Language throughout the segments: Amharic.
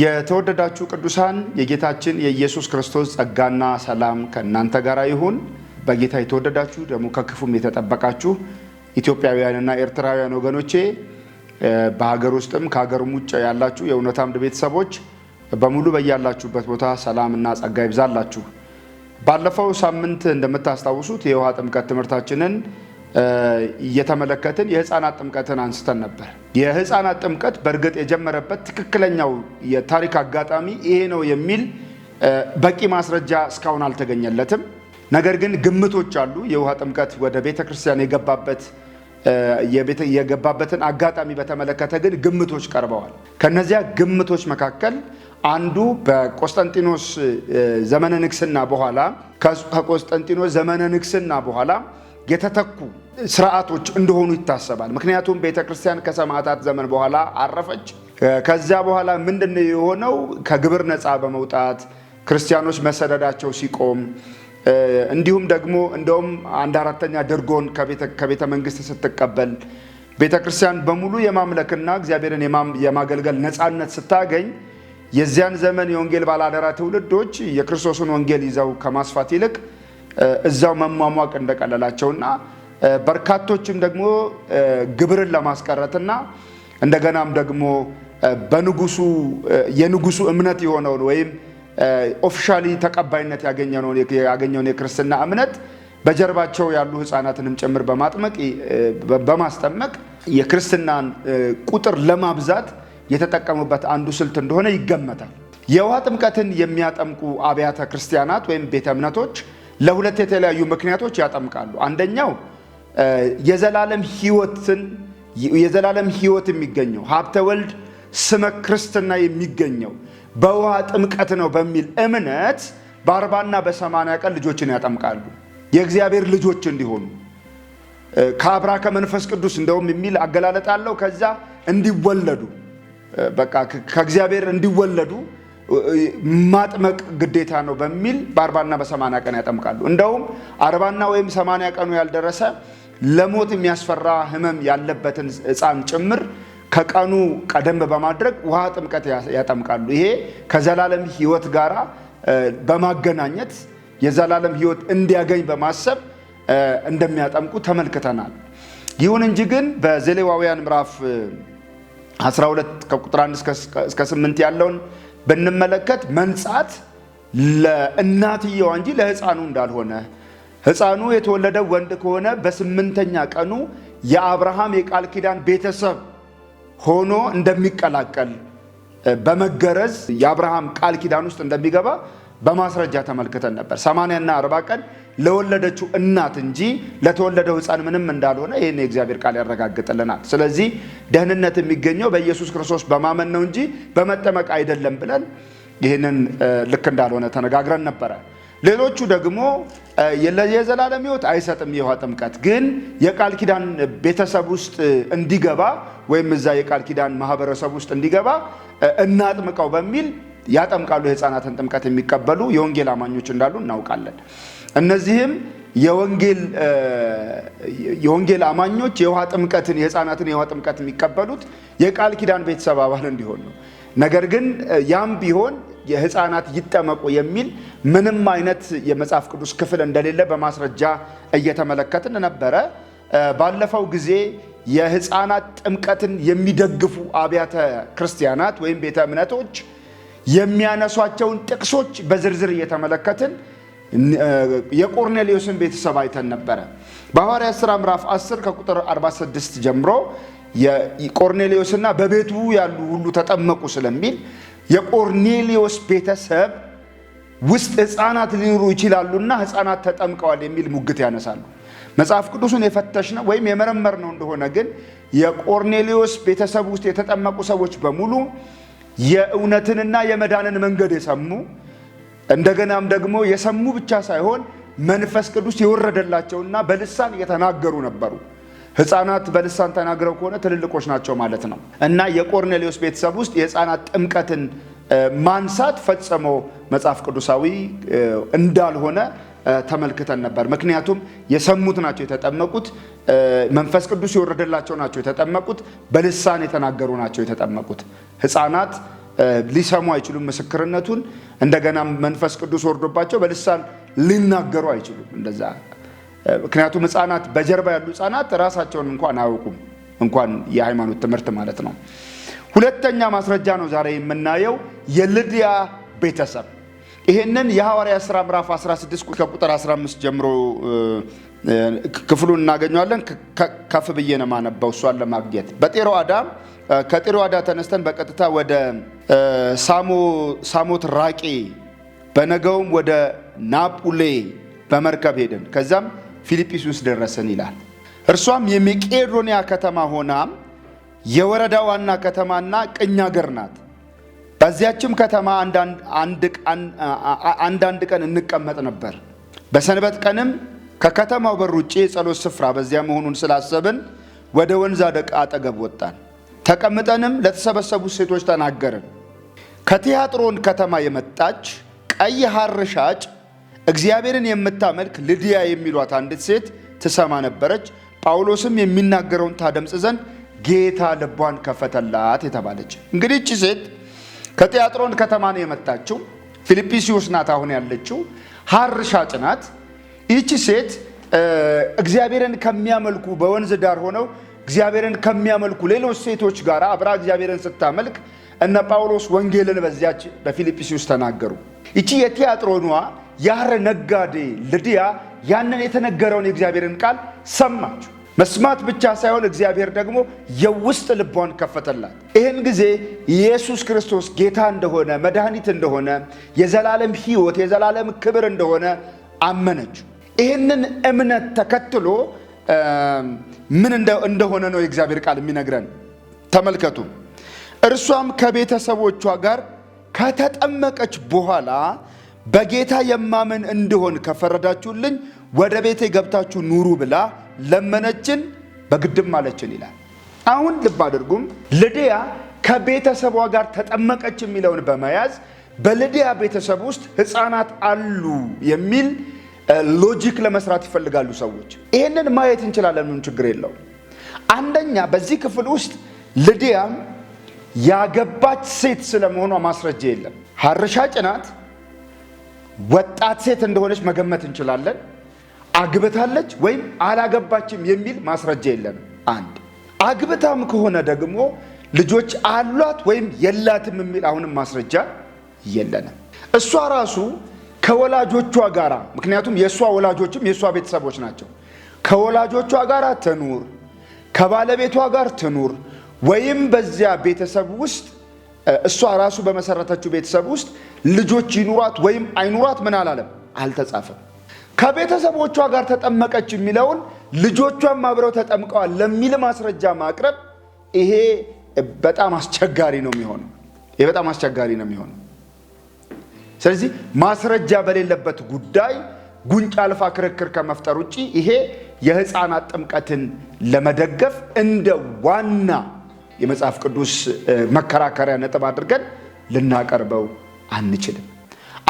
የተወደዳችሁ ቅዱሳን የጌታችን የኢየሱስ ክርስቶስ ጸጋና ሰላም ከእናንተ ጋር ይሁን። በጌታ የተወደዳችሁ ደግሞ ከክፉም የተጠበቃችሁ ኢትዮጵያውያንና ኤርትራውያን ወገኖቼ በሀገር ውስጥም ከሀገርም ውጭ ያላችሁ የእውነት አምድ ቤተሰቦች በሙሉ በያላችሁበት ቦታ ሰላምና ጸጋ ይብዛላችሁ። ባለፈው ሳምንት እንደምታስታውሱት የውሃ ጥምቀት ትምህርታችንን እየተመለከትን የህፃናት ጥምቀትን አንስተን ነበር። የህፃናት ጥምቀት በእርግጥ የጀመረበት ትክክለኛው የታሪክ አጋጣሚ ይሄ ነው የሚል በቂ ማስረጃ እስካሁን አልተገኘለትም። ነገር ግን ግምቶች አሉ። የውሃ ጥምቀት ወደ ቤተ ክርስቲያን የገባበት የገባበትን አጋጣሚ በተመለከተ ግን ግምቶች ቀርበዋል። ከነዚያ ግምቶች መካከል አንዱ በቆስጠንጢኖስ ዘመነ ንግስና በኋላ ከቆስጠንጢኖስ ዘመነ ንግስና በኋላ የተተኩ ስርዓቶች እንደሆኑ ይታሰባል። ምክንያቱም ቤተ ክርስቲያን ከሰማዕታት ዘመን በኋላ አረፈች። ከዚያ በኋላ ምንድነው የሆነው? ከግብር ነፃ በመውጣት ክርስቲያኖች መሰደዳቸው ሲቆም እንዲሁም ደግሞ እንደውም አንድ አራተኛ ድርጎን ከቤተ መንግስት ስትቀበል ቤተ ክርስቲያን በሙሉ የማምለክና እግዚአብሔርን የማገልገል ነፃነት ስታገኝ የዚያን ዘመን የወንጌል ባላደራ ትውልዶች የክርስቶስን ወንጌል ይዘው ከማስፋት ይልቅ እዛው መሟሟቅ እንደቀለላቸውና በርካቶችም ደግሞ ግብርን ለማስቀረትና እንደገናም ደግሞ በንጉሱ የንጉሱ እምነት የሆነውን ወይም ኦፊሻሊ ተቀባይነት ያገኘውን የክርስትና እምነት በጀርባቸው ያሉ ህፃናትንም ጭምር በማጥመቅ በማስጠመቅ የክርስትናን ቁጥር ለማብዛት የተጠቀሙበት አንዱ ስልት እንደሆነ ይገመታል። የውሃ ጥምቀትን የሚያጠምቁ አብያተ ክርስቲያናት ወይም ቤተ እምነቶች ለሁለት የተለያዩ ምክንያቶች ያጠምቃሉ። አንደኛው የዘላለም ሕይወትን የዘላለም ሕይወት የሚገኘው ሀብተ ወልድ ስመ ክርስትና የሚገኘው በውሃ ጥምቀት ነው በሚል እምነት በአርባና በሰማንያ ቀን ልጆችን ያጠምቃሉ የእግዚአብሔር ልጆች እንዲሆኑ ከአብራ ከመንፈስ ቅዱስ እንደውም የሚል አገላለጥ አለው። ከዛ እንዲወለዱ በቃ ከእግዚአብሔር እንዲወለዱ ማጥመቅ ግዴታ ነው በሚል በአርባና በሰማንያ ቀን ያጠምቃሉ። እንደውም አርባና ወይም ሰማንያ ቀኑ ያልደረሰ ለሞት የሚያስፈራ ሕመም ያለበትን ሕፃን ጭምር ከቀኑ ቀደም በማድረግ ውሃ ጥምቀት ያጠምቃሉ። ይሄ ከዘላለም ሕይወት ጋር በማገናኘት የዘላለም ሕይወት እንዲያገኝ በማሰብ እንደሚያጠምቁ ተመልክተናል። ይሁን እንጂ ግን በዘሌዋውያን ምዕራፍ 12 ከቁጥር 1 እስከ 8 ያለውን ብንመለከት መንጻት ለእናትየዋ እንጂ ለሕፃኑ እንዳልሆነ ሕፃኑ የተወለደ ወንድ ከሆነ በስምንተኛ ቀኑ የአብርሃም የቃል ኪዳን ቤተሰብ ሆኖ እንደሚቀላቀል በመገረዝ የአብርሃም ቃል ኪዳን ውስጥ እንደሚገባ በማስረጃ ተመልክተን ነበር። እና አርባ ቀን ለወለደችው እናት እንጂ ለተወለደው ሕፃን ምንም እንዳልሆነ ይህን የእግዚአብሔር ቃል ያረጋግጥልናል። ስለዚህ ደህንነት የሚገኘው በኢየሱስ ክርስቶስ በማመን ነው እንጂ በመጠመቅ አይደለም ብለን ይህንን ልክ እንዳልሆነ ተነጋግረን ነበረ። ሌሎቹ ደግሞ የዘላለም ሕይወት አይሰጥም የውሃ ጥምቀት ግን የቃል ኪዳን ቤተሰብ ውስጥ እንዲገባ ወይም እዛ የቃል ኪዳን ማህበረሰብ ውስጥ እንዲገባ እናጥምቀው በሚል ያጠምቃሉ። የህፃናትን ጥምቀት የሚቀበሉ የወንጌል አማኞች እንዳሉ እናውቃለን። እነዚህም የወንጌል አማኞች የውሃ ጥምቀትን የህፃናትን የውሃ ጥምቀት የሚቀበሉት የቃል ኪዳን ቤተሰብ አባል እንዲሆን ነው። ነገር ግን ያም ቢሆን የህፃናት ይጠመቁ የሚል ምንም አይነት የመጽሐፍ ቅዱስ ክፍል እንደሌለ በማስረጃ እየተመለከትን ነበረ። ባለፈው ጊዜ የህፃናት ጥምቀትን የሚደግፉ አብያተ ክርስቲያናት ወይም ቤተ እምነቶች የሚያነሷቸውን ጥቅሶች በዝርዝር እየተመለከትን የቆርኔሌዎስን ቤተሰብ አይተን ነበረ። በሐዋርያት ሥራ ምዕራፍ 10 ከቁጥር 46 ጀምሮ የቆርኔሌዎስና በቤቱ ያሉ ሁሉ ተጠመቁ ስለሚል የቆርኔሌዎስ ቤተሰብ ውስጥ ሕፃናት ሊኖሩ ይችላሉና ሕፃናት ተጠምቀዋል የሚል ሙግት ያነሳሉ። መጽሐፍ ቅዱሱን የፈተሽ ነው ወይም የመረመር ነው እንደሆነ ግን የቆርኔሌዎስ ቤተሰብ ውስጥ የተጠመቁ ሰዎች በሙሉ የእውነትንና የመዳንን መንገድ የሰሙ እንደገናም ደግሞ የሰሙ ብቻ ሳይሆን መንፈስ ቅዱስ የወረደላቸውና በልሳን የተናገሩ ነበሩ። ሕፃናት በልሳን ተናግረው ከሆነ ትልልቆች ናቸው ማለት ነው እና የቆርኔሌዎስ ቤተሰብ ውስጥ የሕፃናት ጥምቀትን ማንሳት ፈጽሞ መጽሐፍ ቅዱሳዊ እንዳልሆነ ተመልክተን ነበር። ምክንያቱም የሰሙት ናቸው የተጠመቁት፣ መንፈስ ቅዱስ የወረደላቸው ናቸው የተጠመቁት፣ በልሳን የተናገሩ ናቸው የተጠመቁት። ሕፃናት ሊሰሙ አይችሉም ምስክርነቱን። እንደገና መንፈስ ቅዱስ ወርዶባቸው በልሳን ሊናገሩ አይችሉም እንደዛ። ምክንያቱም ሕፃናት በጀርባ ያሉ ሕፃናት ራሳቸውን እንኳን አያውቁም፣ እንኳን የሃይማኖት ትምህርት ማለት ነው። ሁለተኛ ማስረጃ ነው ዛሬ የምናየው የልድያ ቤተሰብ ይሄንን የሐዋርያ ሥራ ምዕራፍ 16 ከቁጥር 15 ጀምሮ ክፍሉን እናገኘዋለን። ከፍ ብዬ ነው ማነበው እሷን ለማግኘት በጢሮአዳ ከጢሮአዳ ተነስተን በቀጥታ ወደ ሳሞት ራቄ፣ በነገውም ወደ ናጱሌ በመርከብ ሄደን ከዛም ውስጥ ደረሰን ይላል። እርሷም የመቄዶንያ ከተማ ሆና የወረዳ ዋና ከተማና ቅኝ ሀገር ናት። በዚያችም ከተማ አንዳንድ ቀን እንቀመጥ ነበር። በሰንበት ቀንም ከከተማው በር ውጭ የጸሎት ስፍራ በዚያ መሆኑን ስላሰብን ወደ ወንዝ አጠገብ ወጣን። ተቀምጠንም ለተሰበሰቡ ሴቶች ተናገርን። ከቲያጥሮን ከተማ የመጣች ቀይ ሐር ሻጭ እግዚአብሔርን የምታመልክ ልድያ የሚሏት አንዲት ሴት ትሰማ ነበረች። ጳውሎስም የሚናገረውን ታደምጽ ዘንድ ጌታ ልቧን ከፈተላት የተባለች እንግዲህ እቺ ሴት ከቲያጥሮን ከተማ ነው የመጣችው። ፊልጵስዩስ ናት አሁን ያለችው። ሀር ሻጭ ናት። ይቺ ሴት እግዚአብሔርን ከሚያመልኩ በወንዝ ዳር ሆነው እግዚአብሔርን ከሚያመልኩ ሌሎች ሴቶች ጋር አብራ እግዚአብሔርን ስታመልክ እነ ጳውሎስ ወንጌልን በዚያች በፊልጵስዩስ ተናገሩ። ይቺ የቲያጥሮኗ ያረ ነጋዴ ልድያ ያንን የተነገረውን የእግዚአብሔርን ቃል ሰማችሁ። መስማት ብቻ ሳይሆን እግዚአብሔር ደግሞ የውስጥ ልቧን ከፈተላት። ይህን ጊዜ ኢየሱስ ክርስቶስ ጌታ እንደሆነ መድኃኒት እንደሆነ የዘላለም ሕይወት የዘላለም ክብር እንደሆነ አመነች። ይህንን እምነት ተከትሎ ምን እንደሆነ ነው የእግዚአብሔር ቃል የሚነግረን። ተመልከቱ። እርሷም ከቤተሰቦቿ ጋር ከተጠመቀች በኋላ በጌታ የማምን እንድሆን ከፈረዳችሁልኝ ወደ ቤቴ ገብታችሁ ኑሩ ብላ ለመነችን፣ በግድም ማለችን ይላል። አሁን ልብ አድርጉም ልድያ ከቤተሰቧ ጋር ተጠመቀች የሚለውን በመያዝ በልድያ ቤተሰብ ውስጥ ሕፃናት አሉ የሚል ሎጂክ ለመስራት ይፈልጋሉ ሰዎች። ይህንን ማየት እንችላለን፣ ምን ችግር የለው። አንደኛ በዚህ ክፍል ውስጥ ልድያም ያገባች ሴት ስለመሆኗ ማስረጃ የለም። ሀርሻ ጭናት ወጣት ሴት እንደሆነች መገመት እንችላለን። አግብታለች ወይም አላገባችም የሚል ማስረጃ የለንም። አንድ አግብታም ከሆነ ደግሞ ልጆች አሏት ወይም የላትም የሚል አሁንም ማስረጃ የለንም። እሷ ራሱ ከወላጆቿ ጋር ምክንያቱም የእሷ ወላጆችም የእሷ ቤተሰቦች ናቸው። ከወላጆቿ ጋር ትኑር፣ ከባለቤቷ ጋር ትኑር ወይም በዚያ ቤተሰብ ውስጥ እሷ ራሱ በመሰረተችው ቤተሰብ ውስጥ ልጆች ይኑሯት ወይም አይኑሯት ምን አላለም፣ አልተጻፈም። ከቤተሰቦቿ ጋር ተጠመቀች የሚለውን ልጆቿም አብረው ተጠምቀዋል ለሚል ማስረጃ ማቅረብ ይሄ በጣም አስቸጋሪ ነው የሚሆነው። ይሄ በጣም አስቸጋሪ ነው የሚሆነው። ስለዚህ ማስረጃ በሌለበት ጉዳይ ጉንጭ አልፋ ክርክር ከመፍጠር ውጭ ይሄ የህፃናት ጥምቀትን ለመደገፍ እንደ ዋና የመጽሐፍ ቅዱስ መከራከሪያ ነጥብ አድርገን ልናቀርበው አንችልም።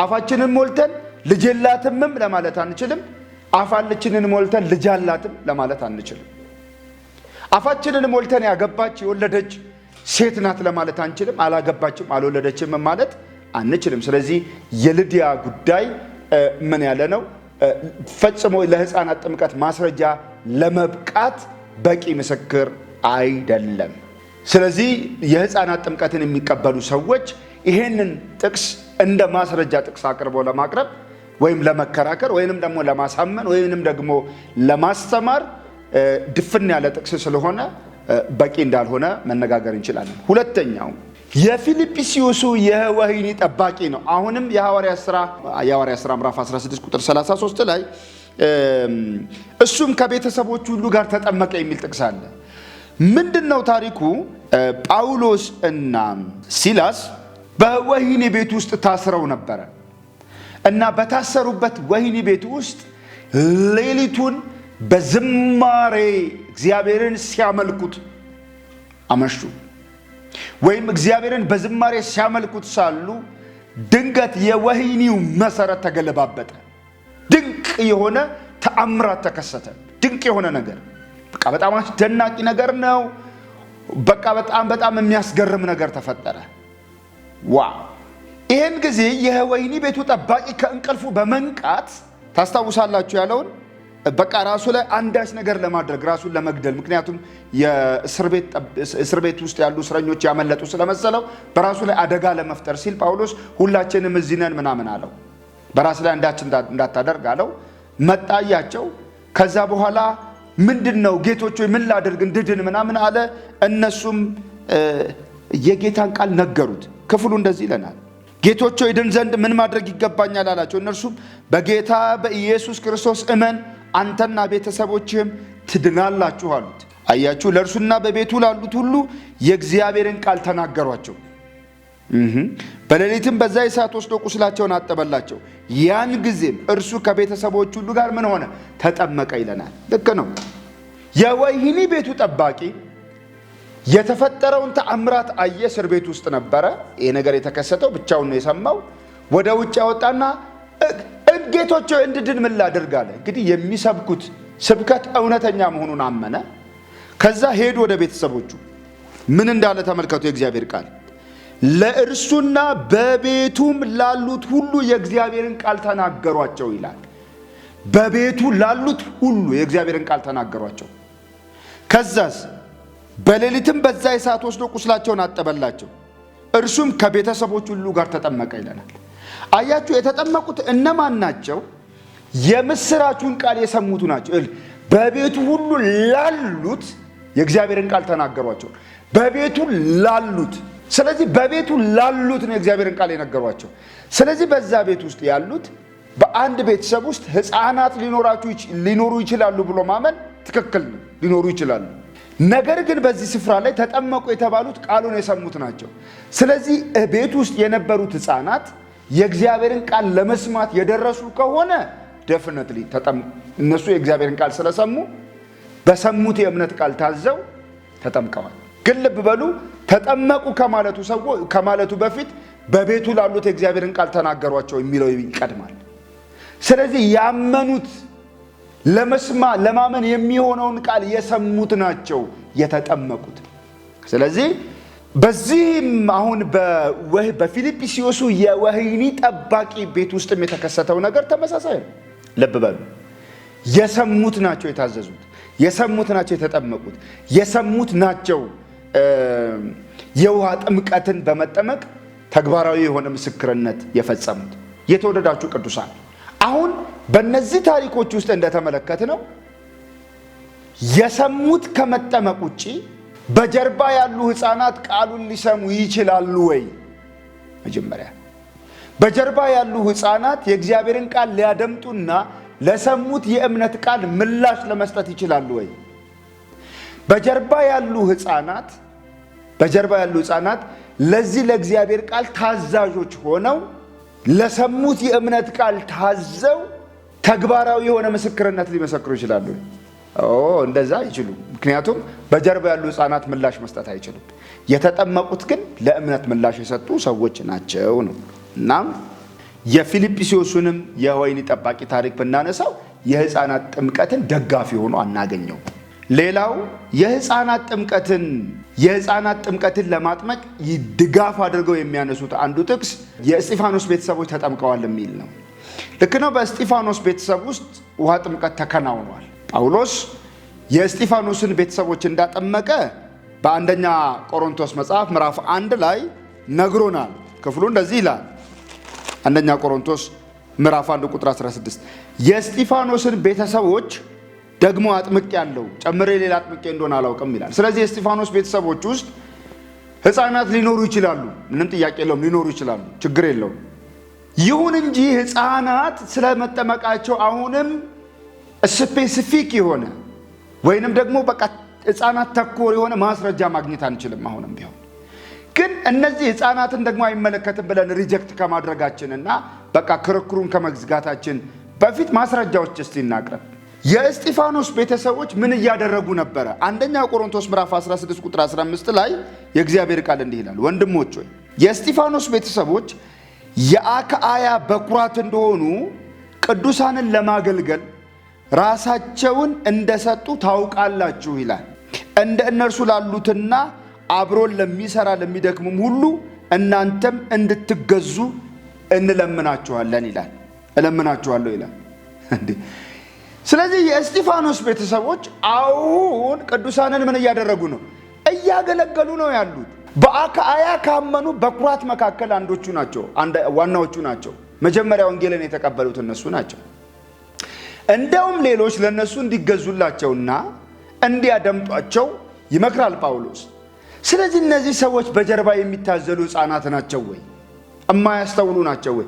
አፋችንን ሞልተን ልጅ የላትምም ለማለት አንችልም። አፋልችንን ሞልተን ልጅ አላትም ለማለት አንችልም። አፋችንን ሞልተን ያገባች የወለደች ሴት ናት ለማለት አንችልም። አላገባችም አልወለደችም ማለት አንችልም። ስለዚህ የልድያ ጉዳይ ምን ያለ ነው ፈጽሞ ለሕፃናት ጥምቀት ማስረጃ ለመብቃት በቂ ምስክር አይደለም። ስለዚህ የሕፃናት ጥምቀትን የሚቀበሉ ሰዎች ይህንን ጥቅስ እንደ ማስረጃ ጥቅስ አቅርቦ ለማቅረብ ወይም ለመከራከር ወይንም ደግሞ ለማሳመን ወይንም ደግሞ ለማስተማር ድፍን ያለ ጥቅስ ስለሆነ በቂ እንዳልሆነ መነጋገር እንችላለን። ሁለተኛው የፊልጵስዩሱ የወህኒ ጠባቂ ነው። አሁንም የሐዋርያ ሥራ የሐዋርያት ሥራ ምዕራፍ 16 ቁጥር 33 ላይ እሱም ከቤተሰቦች ሁሉ ጋር ተጠመቀ የሚል ጥቅስ አለ። ምንድን ነው ታሪኩ? ጳውሎስ እና ሲላስ በወህኒ ቤት ውስጥ ታስረው ነበረ። እና በታሰሩበት ወህኒ ቤት ውስጥ ሌሊቱን በዝማሬ እግዚአብሔርን ሲያመልኩት አመሹ። ወይም እግዚአብሔርን በዝማሬ ሲያመልኩት ሳሉ ድንገት የወህኒው መሰረት ተገለባበጠ። ድንቅ የሆነ ተአምራት ተከሰተ። ድንቅ የሆነ ነገር በቃ በጣም አስደናቂ ነገር ነው። በቃ በጣም በጣም የሚያስገርም ነገር ተፈጠረ። ዋ ይህን ጊዜ የወይኒ ቤቱ ጠባቂ ከእንቅልፉ በመንቃት ታስታውሳላችሁ ያለውን በቃ ራሱ ላይ አንዳች ነገር ለማድረግ ራሱን ለመግደል ምክንያቱም የእስር ቤት ውስጥ ያሉ እስረኞች ያመለጡ ስለመሰለው በራሱ ላይ አደጋ ለመፍጠር ሲል ጳውሎስ ሁላችንም እዚህ ነን ምናምን አለው። በራስ ላይ አንዳች እንዳታደርግ አለው። መጣያቸው ከዛ በኋላ ምንድን ነው ጌቶች ምን ላደርግ እንድድን ምናምን አለ። እነሱም የጌታን ቃል ነገሩት። ክፍሉ እንደዚህ ይለናል ጌቶች ይድን ዘንድ ምን ማድረግ ይገባኛል አላቸው። እነርሱም በጌታ በኢየሱስ ክርስቶስ እመን አንተና ቤተሰቦችህም ትድናላችሁ አሉት። አያችሁ፣ ለእርሱና በቤቱ ላሉት ሁሉ የእግዚአብሔርን ቃል ተናገሯቸው። በሌሊትም በዛ የሰዓት ወስዶ ቁስላቸውን አጠበላቸው። ያን ጊዜም እርሱ ከቤተሰቦች ሁሉ ጋር ምን ሆነ? ተጠመቀ ይለናል። ልክ ነው። የወህኒ ቤቱ ጠባቂ የተፈጠረውን ተአምራት አየ። እስር ቤት ውስጥ ነበረ ይህ ነገር የተከሰተው፣ ብቻውን ነው የሰማው። ወደ ውጭ ያወጣና እጌቶች እንድድን ምን ላድርግ አለ። እንግዲህ የሚሰብኩት ስብከት እውነተኛ መሆኑን አመነ። ከዛ ሄዱ ወደ ቤተሰቦቹ። ምን እንዳለ ተመልከቱ። የእግዚአብሔር ቃል ለእርሱና በቤቱም ላሉት ሁሉ የእግዚአብሔርን ቃል ተናገሯቸው ይላል። በቤቱ ላሉት ሁሉ የእግዚአብሔርን ቃል ተናገሯቸው። ከዛስ በሌሊትም በዛ ሰዓት ወስዶ ቁስላቸውን አጠበላቸው፣ እርሱም ከቤተሰቦች ሁሉ ጋር ተጠመቀ ይለናል። አያችሁ፣ የተጠመቁት እነማን ናቸው? የምስራቹን ቃል የሰሙቱ ናቸው። በቤቱ ሁሉ ላሉት የእግዚአብሔርን ቃል ተናገሯቸው። በቤቱ ላሉት ስለዚህ በቤቱ ላሉት ነው የእግዚአብሔርን ቃል የነገሯቸው። ስለዚህ በዛ ቤት ውስጥ ያሉት በአንድ ቤተሰብ ውስጥ ሕፃናት ሊኖሩ ይችላሉ ብሎ ማመን ትክክል ነው። ሊኖሩ ይችላሉ ነገር ግን በዚህ ስፍራ ላይ ተጠመቁ የተባሉት ቃሉን የሰሙት ናቸው። ስለዚህ ቤት ውስጥ የነበሩት ህፃናት የእግዚአብሔርን ቃል ለመስማት የደረሱ ከሆነ ደፍነት እነሱ የእግዚአብሔርን ቃል ስለሰሙ በሰሙት የእምነት ቃል ታዘው ተጠምቀዋል። ግን ልብ በሉ ተጠመቁ ከማለቱ ሰዎች ከማለቱ በፊት በቤቱ ላሉት የእግዚአብሔርን ቃል ተናገሯቸው የሚለው ይቀድማል። ስለዚህ ያመኑት ለመስማ ለማመን የሚሆነውን ቃል የሰሙት ናቸው የተጠመቁት። ስለዚህ በዚህም አሁን በፊልጵስዩሱ የወህኒ ጠባቂ ቤት ውስጥም የተከሰተው ነገር ተመሳሳይ ነው። ልብ በሉ። የሰሙት ናቸው የታዘዙት፣ የሰሙት ናቸው የተጠመቁት፣ የሰሙት ናቸው የውሃ ጥምቀትን በመጠመቅ ተግባራዊ የሆነ ምስክርነት የፈጸሙት። የተወደዳችሁ ቅዱሳን አሁን በእነዚህ ታሪኮች ውስጥ እንደተመለከት ነው የሰሙት ከመጠመቅ ውጭ በጀርባ ያሉ ህፃናት ቃሉን ሊሰሙ ይችላሉ ወይ? መጀመሪያ በጀርባ ያሉ ህፃናት የእግዚአብሔርን ቃል ሊያደምጡና ለሰሙት የእምነት ቃል ምላሽ ለመስጠት ይችላሉ ወይ? በጀርባ ያሉ ህፃናት በጀርባ ያሉ ህፃናት ለዚህ ለእግዚአብሔር ቃል ታዛዦች ሆነው ለሰሙት የእምነት ቃል ታዘው ተግባራዊ የሆነ ምስክርነት ሊመሰክሩ ይችላሉ። እንደዛ አይችሉም። ምክንያቱም በጀርባ ያሉ ህፃናት ምላሽ መስጠት አይችሉም። የተጠመቁት ግን ለእምነት ምላሽ የሰጡ ሰዎች ናቸው ነው እና የፊልጵስዩስንም የወህኒ ጠባቂ ታሪክ ብናነሳው የህፃናት ጥምቀትን ደጋፊ ሆኖ አናገኘው። ሌላው የህፃናት ጥምቀትን የህፃናት ጥምቀትን ለማጥመቅ ድጋፍ አድርገው የሚያነሱት አንዱ ጥቅስ የእስጢፋኖስ ቤተሰቦች ተጠምቀዋል የሚል ነው። ልክ ነው። በእስጢፋኖስ ቤተሰብ ውስጥ ውሃ ጥምቀት ተከናውኗል። ጳውሎስ የእስጢፋኖስን ቤተሰቦች እንዳጠመቀ በአንደኛ ቆሮንቶስ መጽሐፍ ምዕራፍ አንድ ላይ ነግሮናል። ክፍሉ እንደዚህ ይላል። አንደኛ ቆሮንቶስ ምዕራፍ 1 ቁጥር 16 የእስጢፋኖስን ቤተሰቦች ደግሞ አጥምቄ ያለው ጨምሬ ሌላ አጥምቄ እንደሆነ አላውቅም ይላል። ስለዚህ የእስጢፋኖስ ቤተሰቦች ውስጥ ሕፃናት ሊኖሩ ይችላሉ። ምንም ጥያቄ የለውም። ሊኖሩ ይችላሉ። ችግር የለውም። ይሁን እንጂ ህፃናት ስለመጠመቃቸው አሁንም ስፔሲፊክ የሆነ ወይንም ደግሞ በቃ ህፃናት ተኮር የሆነ ማስረጃ ማግኘት አንችልም። አሁንም ቢሆን ግን እነዚህ ህፃናትን ደግሞ አይመለከትም ብለን ሪጀክት ከማድረጋችንና በቃ ክርክሩን ከመዝጋታችን በፊት ማስረጃዎች እስቲ እናቅርብ። የእስጢፋኖስ ቤተሰቦች ምን እያደረጉ ነበረ? አንደኛ ቆሮንቶስ ምዕራፍ 16 ቁጥር 15 ላይ የእግዚአብሔር ቃል እንዲህ ይላል፣ ወንድሞች ሆይ የእስጢፋኖስ ቤተሰቦች የአክአያ በኩራት እንደሆኑ ቅዱሳንን ለማገልገል ራሳቸውን እንደሰጡ ታውቃላችሁ ይላል። እንደ እነርሱ ላሉትና አብሮን ለሚሰራ ለሚደክምም ሁሉ እናንተም እንድትገዙ እንለምናችኋለን ይላል። እለምናችኋለሁ ይላል። ስለዚህ የእስጢፋኖስ ቤተሰቦች አሁን ቅዱሳንን ምን እያደረጉ ነው? እያገለገሉ ነው ያሉት። በአካያ ካመኑ በኩራት መካከል አንዶቹ ናቸው፣ ዋናዎቹ ናቸው። መጀመሪያ ወንጌልን የተቀበሉት እነሱ ናቸው። እንደውም ሌሎች ለእነሱ እንዲገዙላቸውና እንዲያደምጧቸው ይመክራል ጳውሎስ። ስለዚህ እነዚህ ሰዎች በጀርባ የሚታዘሉ ሕፃናት ናቸው ወይ? እማያስተውሉ ናቸው ወይ?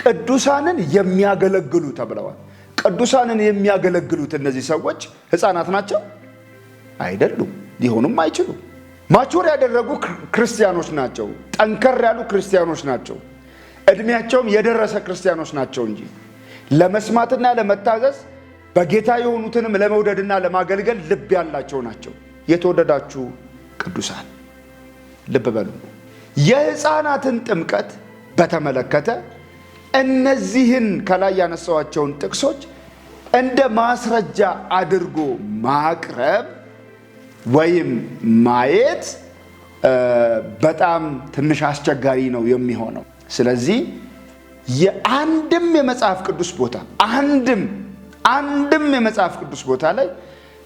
ቅዱሳንን የሚያገለግሉ ተብለዋል። ቅዱሳንን የሚያገለግሉት እነዚህ ሰዎች ሕፃናት ናቸው አይደሉም፣ ሊሆኑም አይችሉም። ማቹር ያደረጉ ክርስቲያኖች ናቸው። ጠንከር ያሉ ክርስቲያኖች ናቸው። እድሜያቸውም የደረሰ ክርስቲያኖች ናቸው እንጂ ለመስማትና ለመታዘዝ በጌታ የሆኑትንም ለመውደድና ለማገልገል ልብ ያላቸው ናቸው። የተወደዳችሁ ቅዱሳን ልብ በሉ። የሕፃናትን ጥምቀት በተመለከተ እነዚህን ከላይ ያነሳኋቸውን ጥቅሶች እንደ ማስረጃ አድርጎ ማቅረብ ወይም ማየት በጣም ትንሽ አስቸጋሪ ነው የሚሆነው። ስለዚህ የአንድም የመጽሐፍ ቅዱስ ቦታ አንድም አንድም የመጽሐፍ ቅዱስ ቦታ ላይ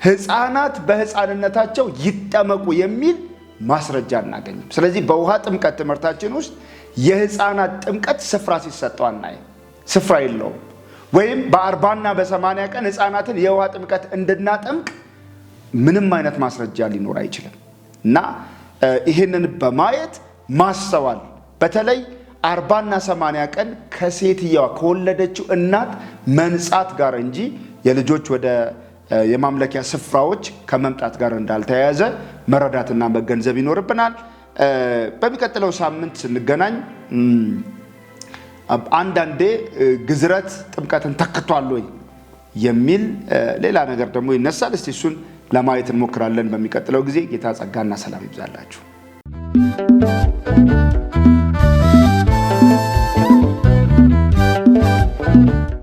ሕፃናት በሕፃንነታቸው ይጠመቁ የሚል ማስረጃ አናገኝም። ስለዚህ በውሃ ጥምቀት ትምህርታችን ውስጥ የሕፃናት ጥምቀት ስፍራ ሲሰጠው አናይም፣ ስፍራ የለውም። ወይም በአርባና በሰማንያ ቀን ሕፃናትን የውሃ ጥምቀት እንድናጠምቅ ምንም አይነት ማስረጃ ሊኖር አይችልም እና ይህንን በማየት ማሰዋል በተለይ አርባና ሰማንያ ቀን ከሴትየዋ ከወለደችው እናት መንጻት ጋር እንጂ የልጆች ወደ የማምለኪያ ስፍራዎች ከመምጣት ጋር እንዳልተያያዘ መረዳትና መገንዘብ ይኖርብናል። በሚቀጥለው ሳምንት ስንገናኝ አንዳንዴ ግዝረት ጥምቀትን ተክቷል ወይ የሚል ሌላ ነገር ደግሞ ይነሳል። እስቲ እሱን ለማየት እንሞክራለን። በሚቀጥለው ጊዜ ጌታ ጸጋና ሰላም ይብዛላችሁ።